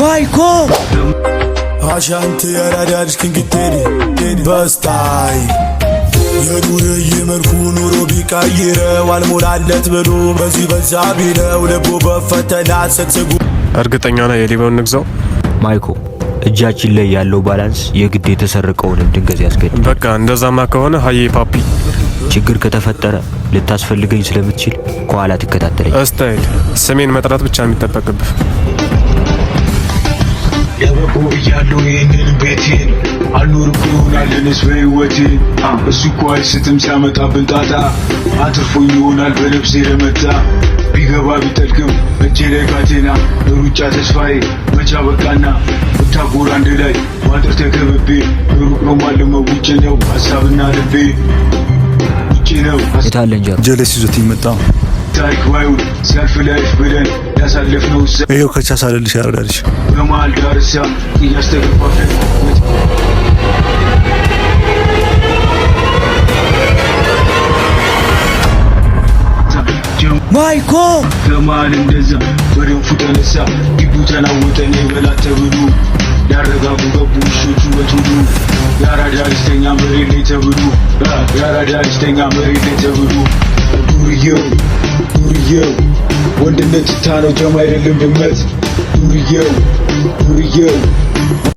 ማይኮ አሻንቲ በስታይ የዱርዬ መልኩ ኑሮ ቢቀይረው አልሞላለት ብሎ በዚህ በዛ ቢለው ልቡ በፈተና እርግጠኛ ነህ ንግዛው ማይኮ እጃችን ላይ ያለው ባላንስ የግድ የተሰረቀውንም ድንገዝ ያስገድ። በቃ እንደዛማ ከሆነ ሀዬ ፓፒ፣ ችግር ከተፈጠረ ልታስፈልገኝ ስለምትችል ከኋላ ትከታተለኝ። እስታይል ስሜን መጥራት ብቻ የሚጠበቅብህ እያለሁ ይህንን ቤቴን አልኖርም ይሆናል እኔስ በሕይወቴ እሱ እኮ አይስትም ሲያመጣብን ጣጣ አትርፎ ይሆናል በነፍሴ ለመጣ ቢገባ ቢጠልቅም እጄ ላይ ካቴና ሩጫ ተስፋዬ መቻ በቃና ብታጎር አንድ ላይ ማጥር ተከብቤ ሩቅ ነው ማለመው ውጭ ነው ሀሳብና ልቤ ውጭ ነው የታለ ጀለስ ይዞት ይመጣ ታሪክ ባይሆን ሲያልፍ ላይፍ ብለን ያሳለፍነው ይኸው ከቻሳ አለልሽ ያረዳልሽ ዳርሳ እያስተገባለን ማይኮ እንደዛ በደንፉ ተነሳ ግቡ ተናወጠ ነ በላ ያረጋጉ ገቡ ውሾቹ በቱሉ ስተኛ መሬት ላይ ተብሉ መሬት ላይ do do What When the night I'll jump out of the limit? Who do you? Who do you?